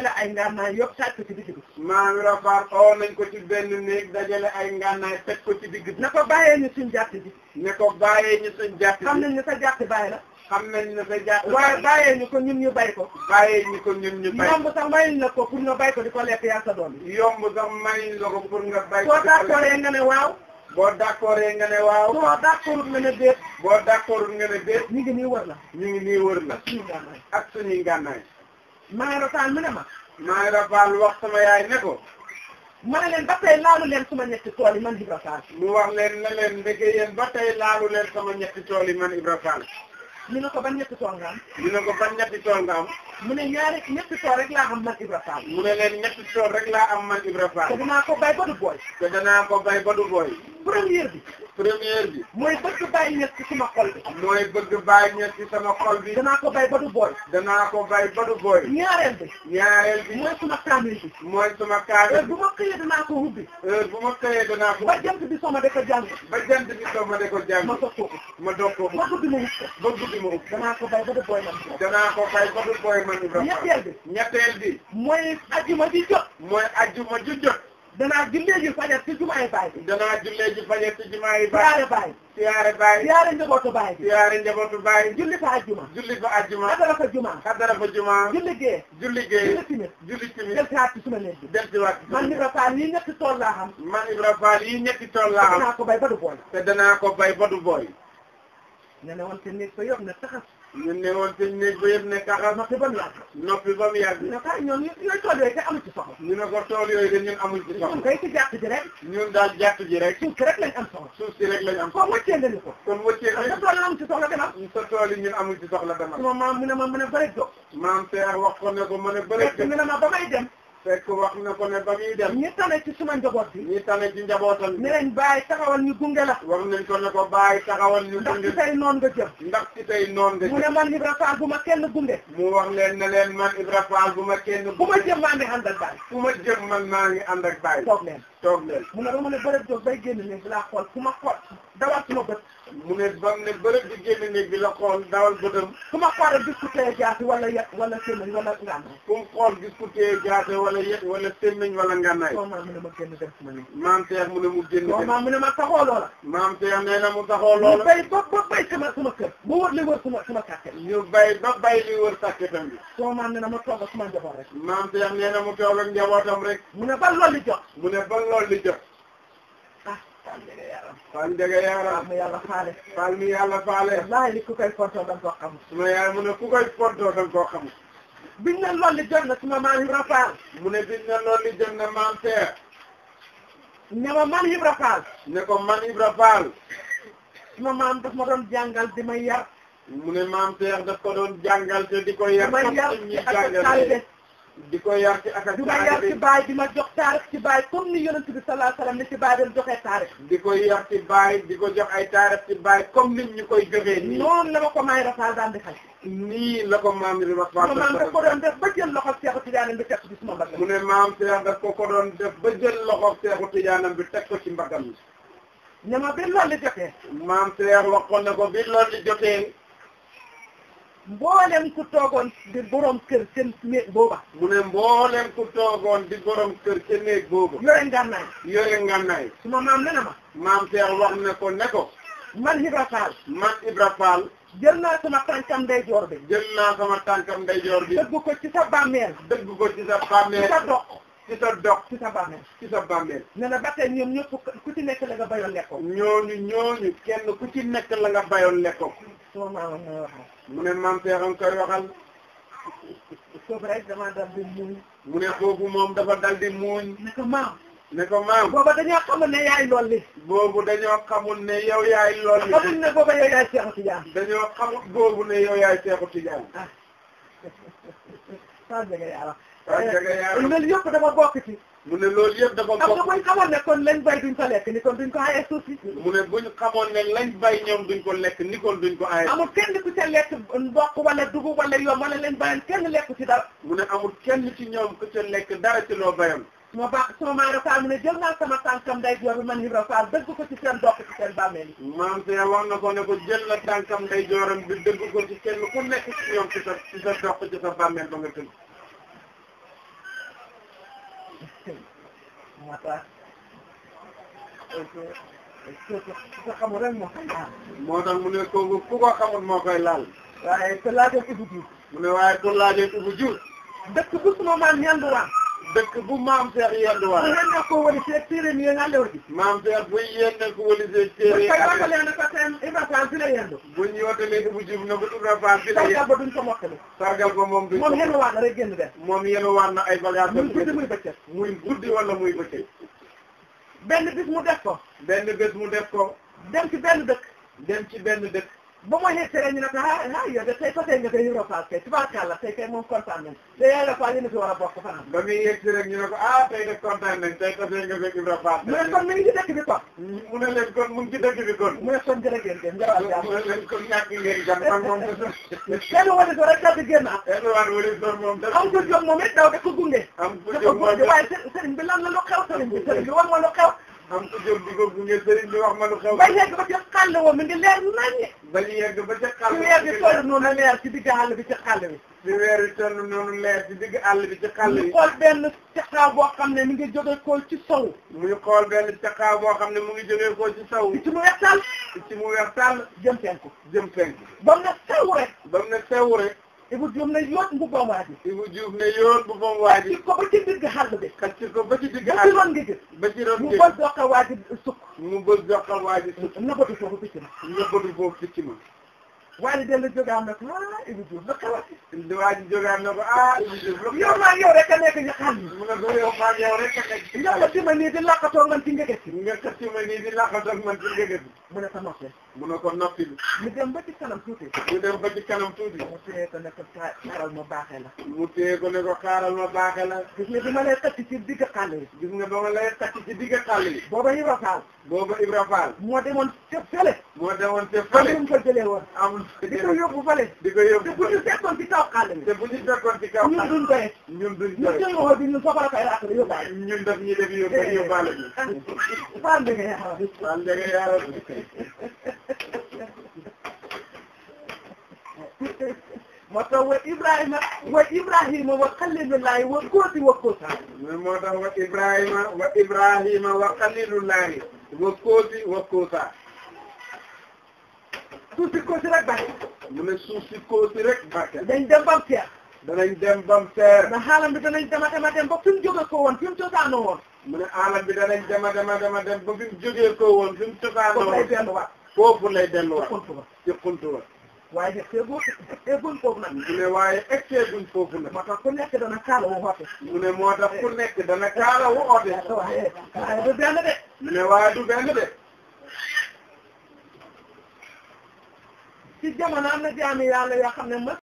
dajale ay ngànnaay yëpp taaj ko ci digg bi. maam Rafaar oo nañ ko ci benn néeg dajale ay ngànnaay teg ko ci digg bi. ne ko bàyyee ñu suñ jàtt ji. ne ko bàyyee ñu suñ jàtt ji. xam nañ ne sa jàtt bàyyi la. xam nañ ne sa jàtt waaye bàyyee ñu ko ñun ñu bay ko. bàyyee ñu ko ñun ñu bay ko yomb sax mayuñ la ko pour nga bay ko di ko lekk yaa sa doom bi. yomb sax mayuñ la ko pour nga bay ko di ko lekk. soo tàkkoolee nga ne waaw. boo d'accord nga ne waaw. soo d'accord nga ne déet. boo d'accord nga ne déet. ñu ngi nii wër la. ñu ngi nii wër la. ak suñuy ngànnaay Maodo Fall mu ne ma. Maodo Fall wax sama yaay ne ko. ma ne leen ba tey laalu leen sama ñetti tool yi man Ibra Fall. mu wax leen ne leen ndeke yéen ba tey laalu leen sama ñetti tool yi man Ibra Fall. ñu ne ko ban ñetti tool nga am. ñu ko ban ñetti tool nga mu ne ñaari ñetti tool rek laa am man Ibra Fall. mu ne leen ñetti tool rek laa am man Ibra Fall. te danaa ko bay ba du booy. te danaa ko bay ba du booy. première bi. première bi. mooy bëgg bàyyi ñett ci sama xol bi. mooy bëgg bàyyi ñett ci sama xol bi. danaa ko bay ba du dana danaa ko bay ba du booy. ñaareel bi. ñaareel bi mooy suma kaamil bi. mooy suma kaamil bi. bu ma xëyee danaa ko ubbi. bu ma xëyee danaa ko. ba bi sooma de ko jàng. ba jant bi sooma de ko jàng. ma soog ko ma doog ko. ba guddi ma ubbi. ba guddi ma ubbi. danaa ko bay ba du booy man. danaa ko bay ba du booy man. ñetteel bi. ñetteel bi. mooy ajjuma ji jot. mooy ajjuma ji jot. danaa jullee ji fajar ci jumaay baay. danaa jullee ji fajar ci jumaay baay. siyaare baay. siyaare baay. siyaare njabootu baay. siyaare njabootu baay. julli fa ajjuma. julli fa ajjuma. xadara fa juma. xadara fa juma. julli gée. julli gée. julli timis. julli timis. del si waat ci suma néeg bi. del si waat ci suma man Ibra Fall yi ñetti tool yi ñetti tool laa xam. ko bay ba du booy. te danaa ko bay ba du booy. nee na woon te néeg fa yor ñun ne woon seen néeg ba yëpp ne kaxal noppi ba mu yàgg. noppi ba mu yàgg. ne ko ñoom ñooy tool yooyu kay amuñ ci soxla. ñu ne ko tool yooyu de ñun amuñ ci soxla. suuf si rek lañ am si soxla. kon wëccee nga ni ko. kon wëccee soxla demal. sa tool yi ñun amuñ ci soxla demal. sama maam mu ne ma mën a bëri jóg. maam Seex wax ko ne ko mën a bëri jóg. mu ne ma ba may dem. fekk wax na ko ne ba muy dem. ñi tane ci suma njaboot bi. ñi tane ci njabootam bi. ne leen bàyyi taxawal ñu gunge la. wax nañ ko ne ko bàyyi taxawal ñu gunge. ndax ci tey noon nga jëm. ndax ci tey noon nga jëm. mu ne man Ibra Fall bu ma kenn gunge. mu wax leen ne leen man Ibra Fall bu ma kenn gunge. bu ma jëm maa ngi ànd ak bàyyi. bu ma jëm man maa ngi ànd ak bàyyi. toog leen. toog a mu ne ba ma a bërëb jóg bay génn néeg bi laa xool fu ma xool dawal suma la xool dawal bëtam fu ma xool gis a téye jaasi wala yet wala sémmiñ wala ngànnaay fu mu xool gis ku téye jaasi wala yet wala sémmiñ wala ngànnaay maam mu ne ma génn dem suma néeg maam teex mu ne mu génn dem maam mu ne ma taxoo loola maam teex nee na mu taxoo loola ba ba a sama sama ba bay li wër sàkketam bi ma toog ak suma njaboot rek maam teex nee na mu toog ak njabootam rek mu ne ba loolu jot dolli jëf faal njëge yaaram faal njëge yaaram mi yàlla faale faal mi yàlla faale wallahi li ku koy fontoo da nga koo xamul suma yaay mu ne ku koy fontoo da nga koo xamul biñ ne loolu jot na suma maam Ibra Faal mu ne biñ ne loolu jot na maam teer ne ma man Ibra Faal ne ko man Ibra Faal suma maam daf ma doon jàngal di ma yar mu ne maam teer daf ko doon jàngal te di ko yar ma yar ak taalibe di ko yar ci ak a. di ma yar ci baay di ma jox taarix ci baay comme ni yonent bi sallallahu alayhi ni ci baay doon joxee taarix. di ko yar ci baay di ko jox ay taarix ci baay comme ni ñu koy joxee. nii noonu la ma ko maay rafet daan di xale. nii la ko maam di rafet. ma maam daf ko bi teg ko ne maam Seex daf ko ko doon def ba jël loxo Seexu Tijaanam bi teg ko ci mbaggam. ñama bi loolu jotee. maam Seex waxoon na ko bi loolu jotee. mboolem ku toogoon di borom kër seen néeg booba. mu ne mboolem ku toogoon di borom kër seen néeg booba. yore ngànnaay. yore ngànnaay. ma maam nee ma. maam Cheikh wax ne ko ne ko. man Ibra Fall. man Ibra Fall. jël naa sama tànkam joor bi. jël naa sama tànkam ndeyjoor bi. dëgg ko ci sa bàmmeel. dëgg ko ci sa bàmmeel. ci sa dox. ci sa dox ci sa bàmmeel. ci sa bàmmeel. nee na ba tey ñoom ñëpp ku ci nekk la nga bayoon lekkoon. ñooñu ñooñu kenn ku ci nekk la nga bayoon lekkoon. sama maamam mooy waxal. mu ne maam seexam koy waxal. foofu rek damaa dal di muuñ. mu ne foofu moom dafa dal di muuñ. ne ko maam. ne ko maam. boobu dañoo xamul ne yaay lolli. boobu dañoo xamul ne yow yaay lolli. xamul ne boobu yow yaay Seexu Tijaan. dañoo xamul boobu ne yow yaay Seexu Tijaan. ah. wax dëgg yàlla. wax dëgg yàlla eh, loolu yëpp dama bokk ci. mu ne loolu yëpp dafa bokk. am na xamoon ne kon lañ bay duñ ko lekk ni kon duñ ko aaye suuf si. mu ne buñ xamoon ne lañ bay ñoom duñ ko lekk ni kon duñ ko aaye. amul kenn ku ca lekk mboq wala dugub wala yow wala lañ bayoon kenn lekk ci dara. mu ne amul kenn ci ñoom ku ca lekk dara ci loo bayoon. moo baax sama maara Fall mu ne jël naa sama tànkam day joor bi man Ibra Fall dëgg ko ci seen dox ci seen bàmmeel maam Seya wax na ko ne ko jël na tànkam day jooram bi dëgg ko ci moo tax ah. moo tax mu ne kooku ku ko xamul moo koy waaye te laajoon Ibou Diouf. waaye te laajoon Ibou Diouf. dëkk suma maam yenduwaan. dëkk bu maam Seex yenduwaan. bu yéen a ko wëli see téere mi yéen a lew wa maam Seex bu yéen a ko wëli see téere fi lay yendu. bu ñu yootalee Ibou Diouf ko sargal ba duñ ko mottali. sargal ba moom duñ ko moom yenuwaat na rek génn dem. moom yenuwaat ay bagages. muy guddi muy bëccëg muy guddi wala muy bëccëg. benn bis mu def ko. benn bis mu def ko. dem ci benn dëkk. dem ci benn dëkk. ba ma xëy tere ñu ne ko ah ah yow de tey fa tey nga koy Europe kay tubaarkàlla tey kay moom kontaan nañ te yàlla quoi ñu ne si war a bokk fan. ba muy yegg si rek ñu ne ko ah tey de kontaan nañ tey fa tey nga koy Europe. mu ne kon mu ngi ci dëkk bi kon. mu ne leen kon mu ngi ci dëkk bi kon. mu ne kon jërëjëf ngeen jërëjëf. mu ne leen kon ñàkk ngeen jàmm man moom. kenn wane soo rek daal di génn ah. kenn wane wane soo moom daal. am ko jóg moom it daw da ko gunge. am ko jóg moom it dafa gunge waaye sëriñ bi lan la lu xew sëriñ bi sëriñ bi wan ma lu xew am su jóg di ko gunge sëriñ bi wax ma lu xew. ba yegg ba ca xàll wa mi ngi leer naññe. ba ñu yegg ba ca xàll. ci weer bi toll noonu leer ci digg àll bi ci xàll bi. ci weer bi toll noonu leer ci digg àll bi ci xàll bi. ñu xool benn caxaa boo xam ne mi ngi jóge koo ci sow. mu ngi xool benn caxaa boo xam ne mu ngi jóge koo ci sow. ci mu weex tàll. ci mu weex tàll. jëm penku jëm penku. ba mu ne sew rek. ba mu ne sew Ibou Diouf ne yoot mbubbam waa ji. Ibou Diouf ne yoot mbubbam waa ji. ko ba ci digg xàll bi. xacc ko ba ci digg xàll ba ci ron gi gis. ba ci ron gi mu bëgg doqal waa ji sukk. mu bëgg doqal waa ji sukk. nëbbatu foofu picc ma. nëbbatu foofu picc ma. waa ji dellu jógaam na ko ah Ibou Diouf la xewal. waa ji jógaam na ko ah Ibou Diouf la. yow maa yow rek a nekk ñu xàll. mu ne ko yow maa yow rek a nekk. yow la ci ma nii di làqatoo man ci ngege. nga ci ma nii di làqatoo man ci ngege. mu ne ko noppil. mu ne ko noppil. ñu dem ba ci kanam tuuti. ñu dem ba ci kanam tuuti. mu téye ko ne ko xaaral ma baaxee la. mu téye ko ne ko xaaral ma baaxee la. gis nga bi ma lay takk ci digg xàll yi. gis nga ba ma lay takk ci digg xàll yi. booba Ibra Faal. booba Ibra Faal. moo demoon ca fële. moo demoon ca fële. am mu ko jëlee woon. am di ko yóbbu fële. di ko yóbbu bu ñu fekkoon ci kaw xàll bu ñu fekkoon ci kaw xàll yi. ñun duñ doye. ñun duñ doye ñun jëloon bi ñun soxla ko ay raadu yóbbaale. moo tax wa Ibrahima wa Ibrahima wa xalilullahi wa kóoti wa kóota. moo tax wa Ibrahima wa Ibrahima wa xalilullahi wa kóoti wa kóota. suuf rek barke. mu ne suuf rek barke. dañ dem bam danañ dem bam seer na xaalam bi danañ dema dema dem ba fi mu jóge ko woon fi mu cosaanoo woon mu ne xaalam bi danañ dema dema dema dem ba fi mu jógee ko woon fi mu cosaanoo woon foofu lay delluwaat foofu lay delluwaat xuntu ba ci xuntu ba waaye nag seegoo eeguñ foofu nag mu ne waaye egg seeguñ foofu nag moo tax ku nekk dana kaala wu oote mu ne moo tax ku nekk dana kaala wu oote waaye du benn de mu ne waaye du benn de ci jamono am na jaami yàlla yoo xam ne